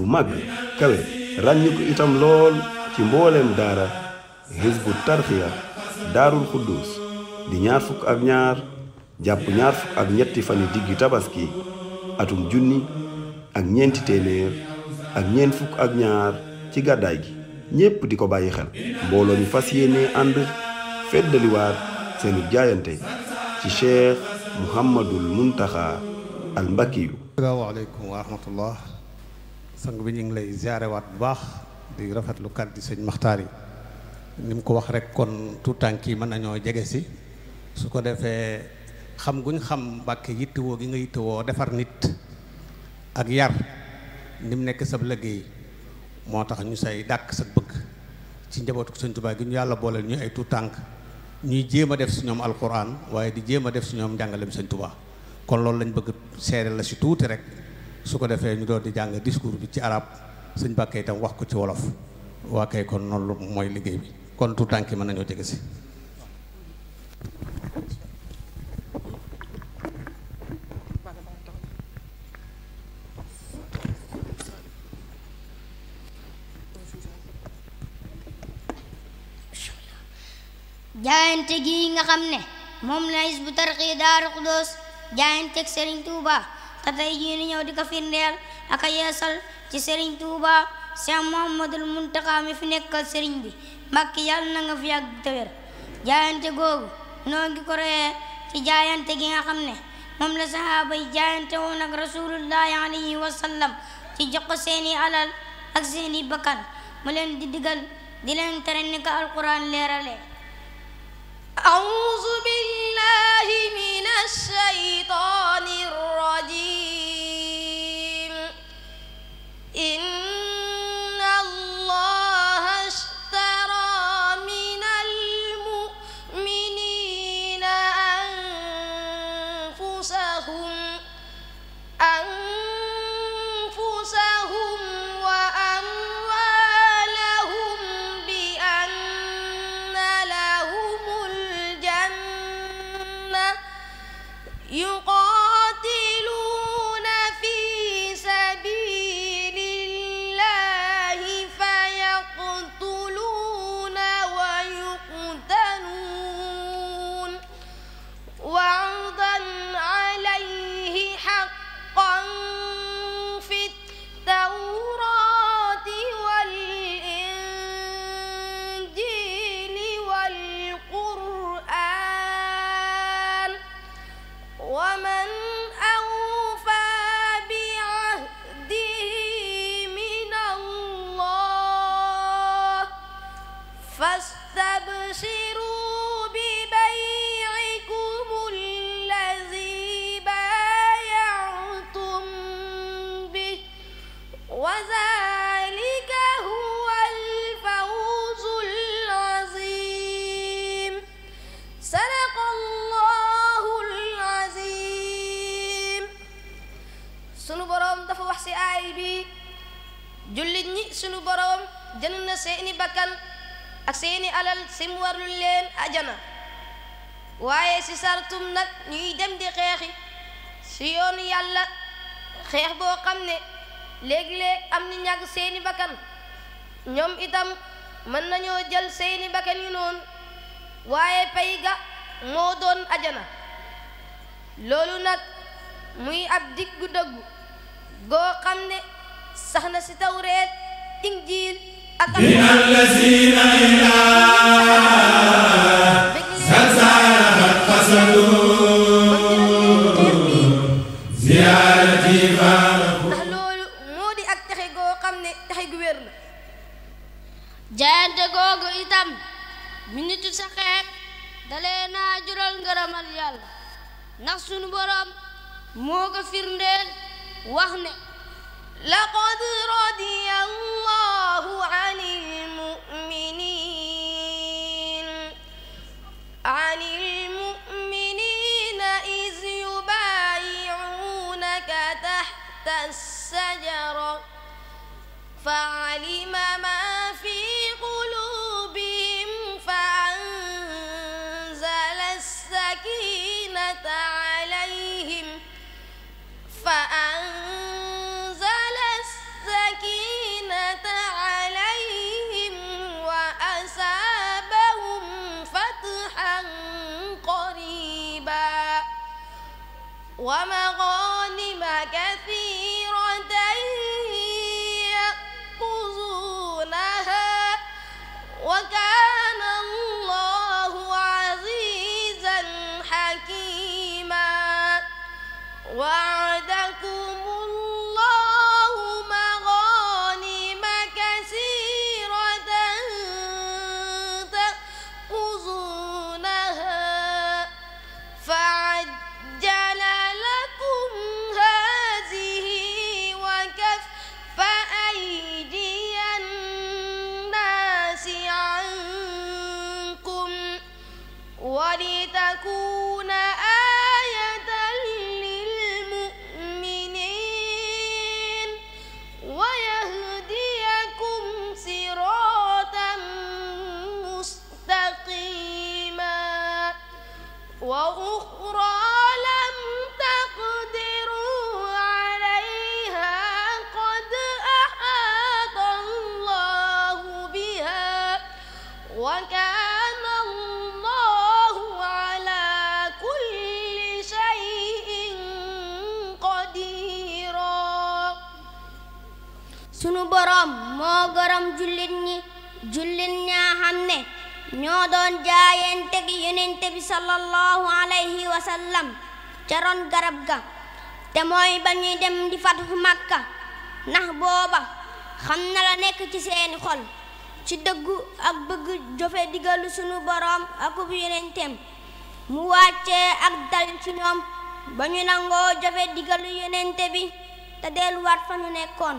bu mag bi kawe ko itam lool ci mbooleem daara xisbu tarxiya daarul xudduus di ñaar fukk ak ñetti fani digg tabaski atum junni ak ñeenti téeméer ak ñeent fukk ak ñaar ci gàddaay gi ñépp di ko bàyyi xel mbooloo mi fas yéene ànd feddaliwaat seenu jaayante ci cheikh muhammadul muntaxa al mbakiyu asalaamaaleykum wa rahmatullah sang bi ñu ngi lay waat bu baax di rafetlu kàddu sëñ maxtaar yi ni ko wax rek kon tout tànk yi mën nañoo jege si su ko defee xam guñ xam mbàkke yittewoo gi nga yittewoo defar nit ak yar ni mu nekk sab liggéey moo tax ñu say dàkk sa bëgg ci njabootu sëñ Tuubaa gi ñu yàlla booleel ñu ay tout tànk ñuy jéem a def si ñoom alquran waaye di jéem a def si ñoom njàngaleem sëñ Tuubaa kon loolu lañ bëgg seere la si tuuti rek su ko defee ñu doon di jàng discours bi ci arab sëñ Mbàkke itam wax ko ci wolof waa kay kon noonu mooy liggéey bi kon tu tànki mën nañoo jege si. jaayante gi nga xam ne moom la Hizbut Tarqiyyah Daaru Xudoos jaayanteeg Serigne Touba. te tey ni ñëw di ko firndeel ak a yeesal ci Serigne Touba Cheikh Mouhamadoul Mountakha mi fi nekkal Serigne bi Mbàkke yàlla na nga fi yàgg te wér jaayante googu noo ngi ko royee ci jaayante gi nga xam ne moom la sahaaba yi jaayante woon ak rasulullahi alayhi wa sallam ci jox ko seeni alal ak seeni bakkan mu len di digal di leen tere ni ko alquran leerale يقال jullit ñi sunu boroom jënd na seeni bakkan ak seeni alal sim warlu leen ajana waaye ci sartum nag ñuy dem di xeexi si yoonu yàlla xeex boo xam ne léegi-léeg am ni ñàkk seeni bakkan ñoom itam mën nañoo jël seeni bakkan yu noonu waaye pay ga moo doon ajana loolu nag muy ab diggu dëggu goo xam ne sax na si tawreet injiil ak jaayante googu itam minitu sa xeet dalee naa jural ngërëmal yàlla ndax sunu boroom moo ko firndeel wax ne لقد رضي الله عن المؤمنين عن المؤمنين إذ يبايعونك تحت الشجرة فعلم ومغانم ñoo doon jaayante gi yonent bi sallallahu alayhi wa sallam ca ron garab ga te mooy ba ñuy dem di fatu Makka ndax booba xam na la nekk ci seeni xol ci dëggu ak bëgg jofe digalu sunu boroom akub yonenteem mu wàccee ak dal ci ñoom ba ñu nangoo jofe digalu yonente bi te delluwaat fa ñu nekkoon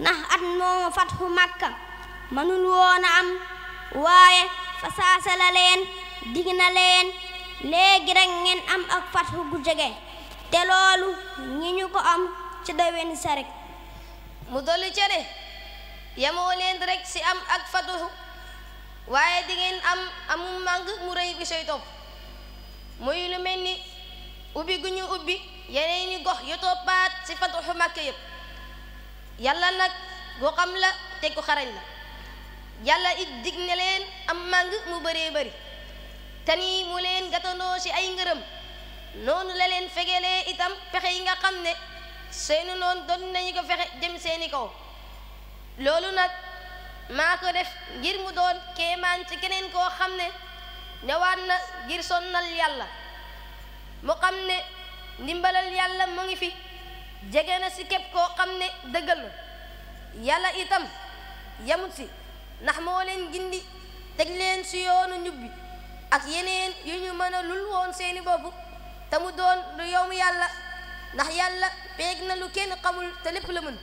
ndax at moomu fatxu Makka mënul woon a am waaye fa la leen dig na leen léegi rek ngeen am ak fathu bu jege te loolu ñi ñu ko am ci dawen sa mu dolli ca ne yemoo leen rek si am ak fathu waaye di am amu màng mu rëy bi sooy topp muy lu mel ni ubbi gu ñu ubbi yeneen ni gox yu toppaat si fathu Makka yépp yàlla nag ku la te ku xarañ la yàlla it dig ne leen am màng mu bëree bëri tani mu leen gatandoo ci ay ngërëm noonu la leen fegelee itam pexe yi nga xam ne seeni noonu doon nañu ko fexe jëm seeni kaw loolu nag maa ko def ngir mu doon kéemaan ci keneen koo xam ne ñëwaat na ngir sonnal yàlla mu xam ne ndimbalal yàlla mu ngi fi jege na ci képp koo xam ne dëggal yàlla itam yamut si ndax moo leen gindi teg leen si yoonu ñubbi ak yeneen yu ñu mën lul woon seeni bopp te mu doon lu yowm yàlla ndax yàlla peeg na lu kenn xamul te lépp la mën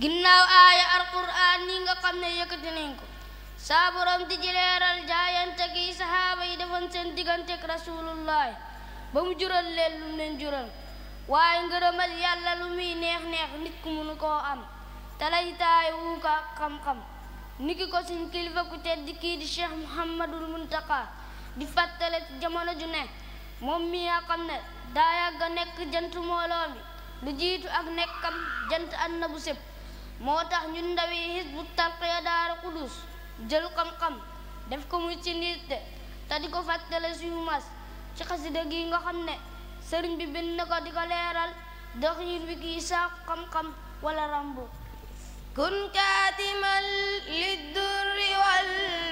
ginnaaw aaya alquraan ni nga xam ne yëkkati nañ ko saa borom di jileeral jaayante gi sahaaba yi defoon seen diggantek rasulullahi ba mu jural leen lu mu leen jural waaye ngërëmal yàlla lu muy neex neex nit ku koo am talay taayu ka xam-xam niki ko suñ kilifa ku tedd kii di cheikh muhammadul muntaka di fàttale ci jamono ju nekk moom mi nga xam ne daa yàgg a nekk jant mbooloo mi lu jiitu ak nekkam jant ànd na bu sëpp moo tax ñun ndawi Hizbut Tarqiya Daaru Xuduus jël xam-xam def ko mu ci nit te di ko fàttale suñu mas ci xasida gi nga xam ne sëriñ bi bind na ko di ko leeral doxin wi kii saako xam-xam wala rambu kun kaatiman liddurri wal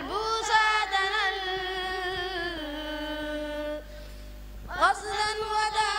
busaatanal qasdan wadaa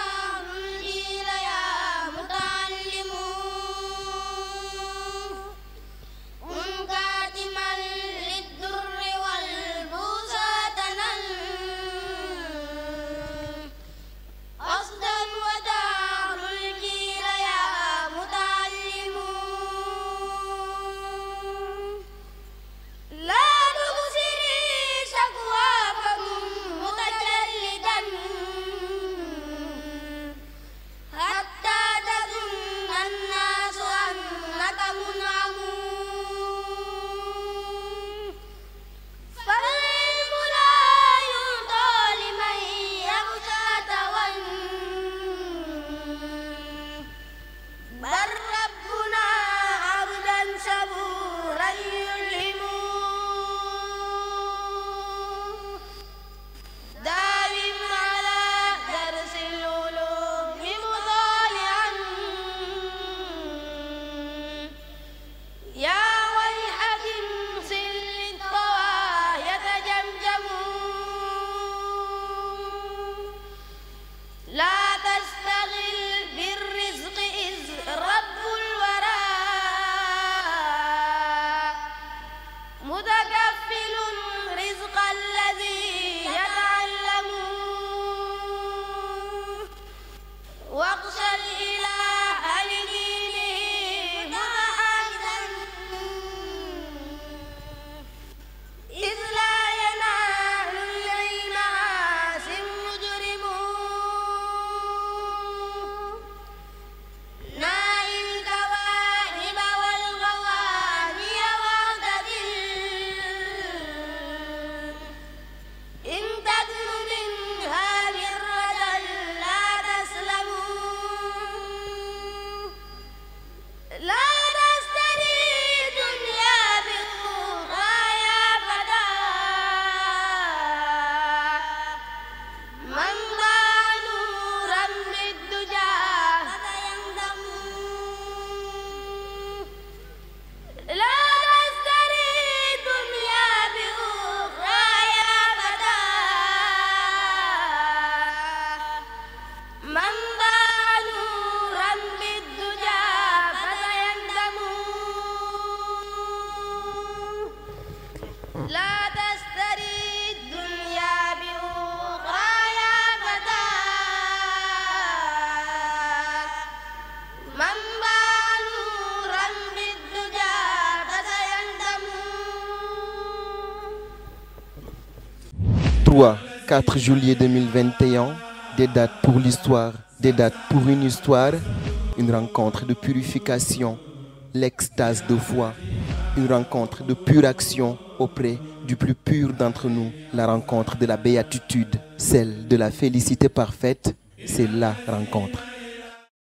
3, 4 juillet 2021, des dates pour l'histoire, des dates pour une histoire, une rencontre de purification, l'extase de foi, une rencontre de pure action auprès du plus pur d'entre nous, la rencontre de la béatitude, celle de la félicité parfaite, c'est la rencontre.